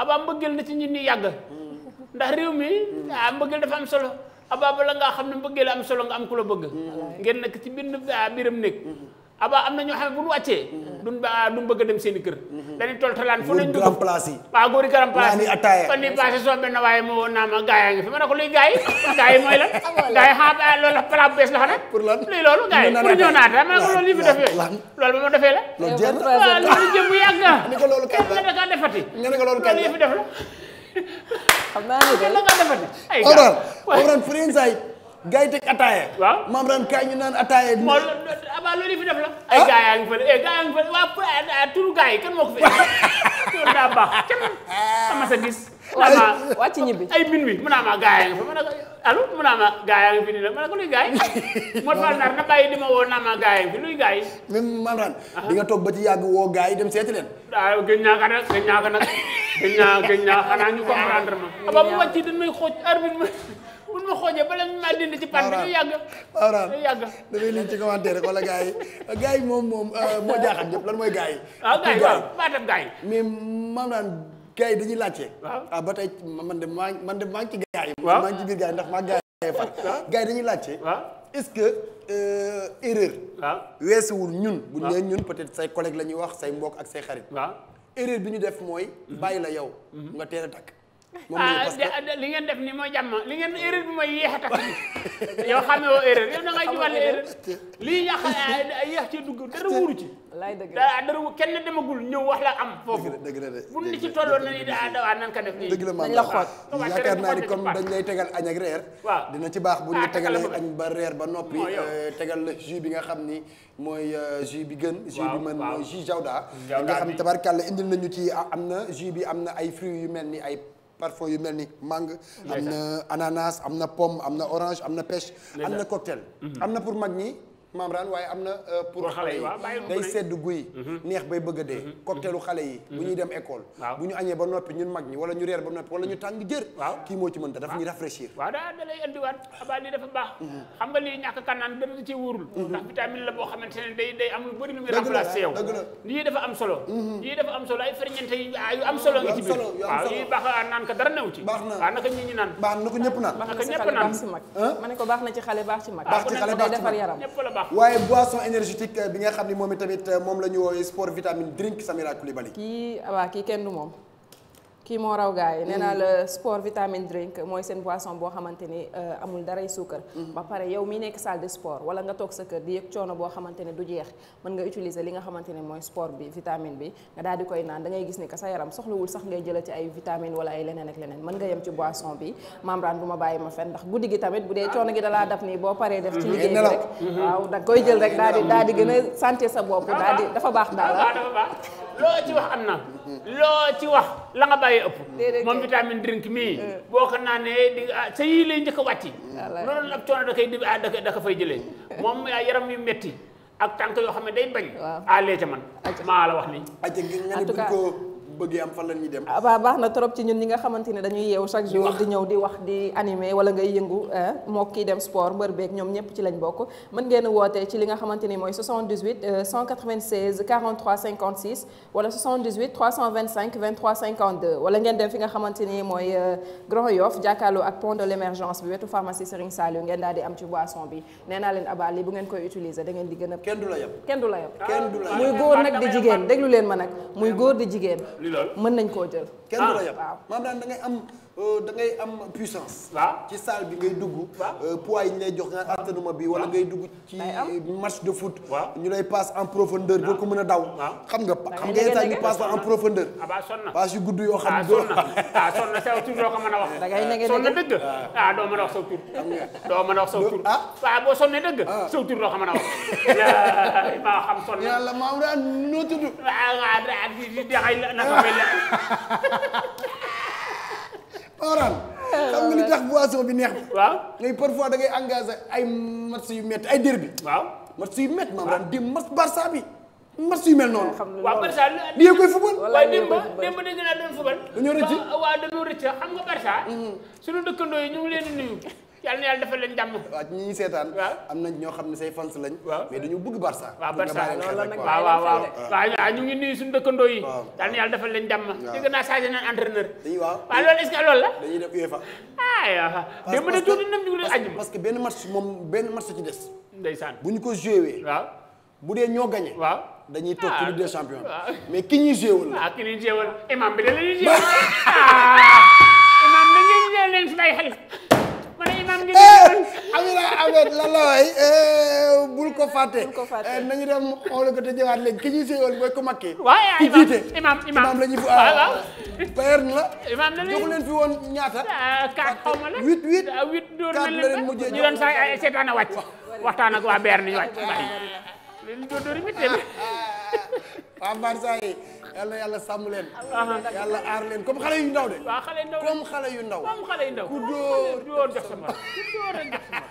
aba mbëggeel na ci nit ñi yàgg ndax réew mi ah mbëggeel dafa am solo abaa bala ngaa xam ne mbëggeel am solo nga am ku la bëgg mm-hmm. ngeen nekk ci biir ah, biram néeg mm-hmm. abaa am na ñoo xam bu ñu wàccee mm-hmm. duñ ba duñ bëgg a dem seen i kër mhm. dañuy toltalaan fu nañ dugg grand place yi waaw góori grand place yi fan yi passé soo waaye moo woon naa ma gaa fi ma ko luy gaa yi gaa yi mooy lan gaa loolu la bu bees la xanaa luy loolu gaa yi pour ñëw naata ma ne loolu li fi def ba ma defee la waaw loolu jëm bu fi def la xam naa defati ay gaa gars yi teg ataaya. waaw maam ren kaay ñu naan ataaya. moo abaa loolu fi def la. ay ah. gars fële eh, ay gars fële waa ah, ah, yi kan moo ko fi. loolu daa kenn sama sa gis. ay waa ci ñibbi ay min wi mu naa ma gars yaa ma ne ko yi. moo na bàyyi di ma woo naa ma gars yaa ngi luy gars yi. même maam nga toog ba ci yàgg woo gars yi dem seeti leen. waaw gën ñaaka gëj naa gëj naa xanaa ñu comprendre ma. waaw ah, bu ma ci dañ may xooj arbitre ma buñ ma xoojee bala ñu maa dindi ci pan bi ñu yàgg. waaw waaw dañuy yàgg. dafay liñ ci commentaire rek wala gars yi gars yi moom moom euh, moo jaaxal ñëpp lan mooy gars yi. waaw ah, gars yi waaw maa def gars yi. mais maanaam gars yi dañuy laajte. waaw ah, ba tey man de maa man de maa ngi ci gars yi. waaw maa ngi ci biir gars yi ndax maa gars yi far. gars yi dañuy laajte. est-ce que euh, erreur. waaw weesuwul ñun. bu ñu nee ñun peut-être say collègue la ñuy wax say mbokk ak say xarit. erreur bi ñu def mooy. Mhm. bàyyi la yow. Mhm. nga teel a Ah, li ngeen def ni mooy jàmm li ngeen erreur bi mooy yéex a yow xamee woo erreur yow da ngay jubal erreur lii yàq ah, ah, yéex dugg dara wuuru ci wu kenn demagul ñëw wax la am foofu bu ni ci def nii dëgg la maam la xool yaakaar naa ni comme dañ lay tegal añ ak reer dina ci baax bu ñu tegalee añ ba reer ba noppi oh, euh, tegal la jus bi nga xam ni mooy euh, jus bi gën jus bi mën mooy jus jawda nga xam tabarkàlla indil nañu ci am na jus bi am na ay fruits yu mel ni ay parfum yu mel ni mangue am na ananas am na pomme am na orange am na pêche am na cocktail mhm. am na pour mag ñi membrane waaye am na euh, pour xale yi day sedd guy mhm. neex bay bëgg de dee mhm. cocktail u mhm. xale yi bu ñuy dem école bu ñu añee ba noppi ñun mag ñi wala ñu reer ba noppi wala ñu tàng jër waaw kii moo ci mën ta daf da lay andiwaat abaa lii dafa baax xam nga lii ñàkk kanaan dara da ci wóorul ndax vitamine la boo xamante ne day day am lu bëri lu muy remplacé yow dëgg la lii dafa am solo lii dafa am solo ay ferñeent ah, ci biir baax dara new ci baax na waaw naka ñi baax na ko ñëpp naan naka ñëpp naan ma ko baax na ci xale baax ci mag baax ci xale baax ci baax waaye boisson énergétique euh, bi nga xam ne moom itamit euh, moom la ñu woowee sport vitamine drink Samira Coulibaly kii ah, waaw kii kenn du moom kii moo raw gars yi nee naa la mm-hmm. sport vitamine drink mooy seen boisson boo xamante ni euh, amul daray suukar. Mm-hmm. ba pare yow mi nekk salle de sport wala nga toog sa kër di yëg coono boo xamante ne du jeex mën nga utiliser li nga xamante ne mooy sport bi vitamine bi nga daal di koy naan da gis ni que sa yaram soxlawul sax ngay jëla ci ay vitamine wala ay leneen ak leneen mën nga yem ci boisson bi membrane bu ma bàyyi ma fen ndax guddi gi tamit bu dee coono gi dalaa daf boo paree def ci mm-hmm. liggéey bi rek koy jël rek daal daal di gën a santé sa bopp daal di dafa baax daal loo loo ci wax la nga bàyyi ëpp moom vitamine drink mii eh. boo ko naanee di ah, sa yii lay njëkk a wàcci loolu la ab coono da koy a ah, da da ko fay jëlee eh. moom yaram yu metti ak tànk yoo xam ne day bañ a ah, lee ca man maa la wax nii en tout cas bëggee ah, baax na trop ci ñun ñi nga xamante dañuy yeewu chaque jour di ñëw di wax di animé wala ngay yëngu moo dem sport mbër beeg ñoom ñëpp ci lañ bokk mën ngeen wootee ci li nga xamante mooy 78 euh, ngeen dem fi nga xamante mooy euh, Grand Yoff jàkkaarloo ak pont de l'émergence bi wetu pharmacie Serigne Saliou ngeen daal di am ci boisson bi nee leen abal yi bu ngeen koy utiliser da di gën a kenn du la yab muy góor nag di jigéen déglu leen ma bi loolu mën nañ koo jël kenn du la yab maam daan da am da am puissance ci salle bi ngay dugg poids yi ñu lay jox nga attanuma bi wala ngay dugg ci match de foot ñu lay passe en profondeur doo ko mën a daw xam nga xam nga état ñu passe en profondeur aba son xam na a wax da ngay nege dëgg doo mën a wax saw tur a ah waaw boo sonnee dëgg saw tur doo ko mën a wax maa xam son yàlla maam daan noo tudd Oran xam nga li tax boisson bi neex na. waaw ngay parfois da ngay engagé ay match yu métti ay derby. waaw match yu métti maam daan démb match Barça bi match yu mel noonu. waaw Barça li koy football. walaay li koy football waaye démb démb dañu naan doon football. dañoo rëcc waaw dañoo rëcc xam nga Barça. Mm-hmm. sunu dëkkandoo yi ñu leen di yàlla na yàlla defal leen jàmm waaw ñi ñu seetaan am na ñoo xam ne say fans lañ mais dañu bëgg Barça waaw Barça loolu ñu ngi nuyu suñu dëkkandoo yi yàlla na yàlla defal leen jàmm de naa changé nañ entraîneur waaw waaw loolu est-ce que loolu la dañuy ah, ah. de tuuti bu ñu ko joué waaw bu dee ñoo gagné waaw dañuy toog ci ah. Ligue des champions ki ñuy joué wul ah ki ñuy imam bi da la ñuy joué imam bi da ñuy Amina Ahmed lan la waay eh, bul ko fàtte. ko fàtte eh, nañu dem xool ko te jëwaat léegi ki ñuy séyoon mooy ko makki. waaye imam imam imam la ñu. waaw waaw ah, père la. imam la jox leen fi woon ñaata. 4 ah, xaw ma la 8 ah, na leen ba ñu doon sax ay eh, seetaan a wàcc. waxtaan ak waa BR ñu wàcc. waaw waaw waaw waaw waaw yàlla yàlla sàmm leen yàlla aar leen comme xale yu ndaw de comme xale yu ndaw ku dóor jox sama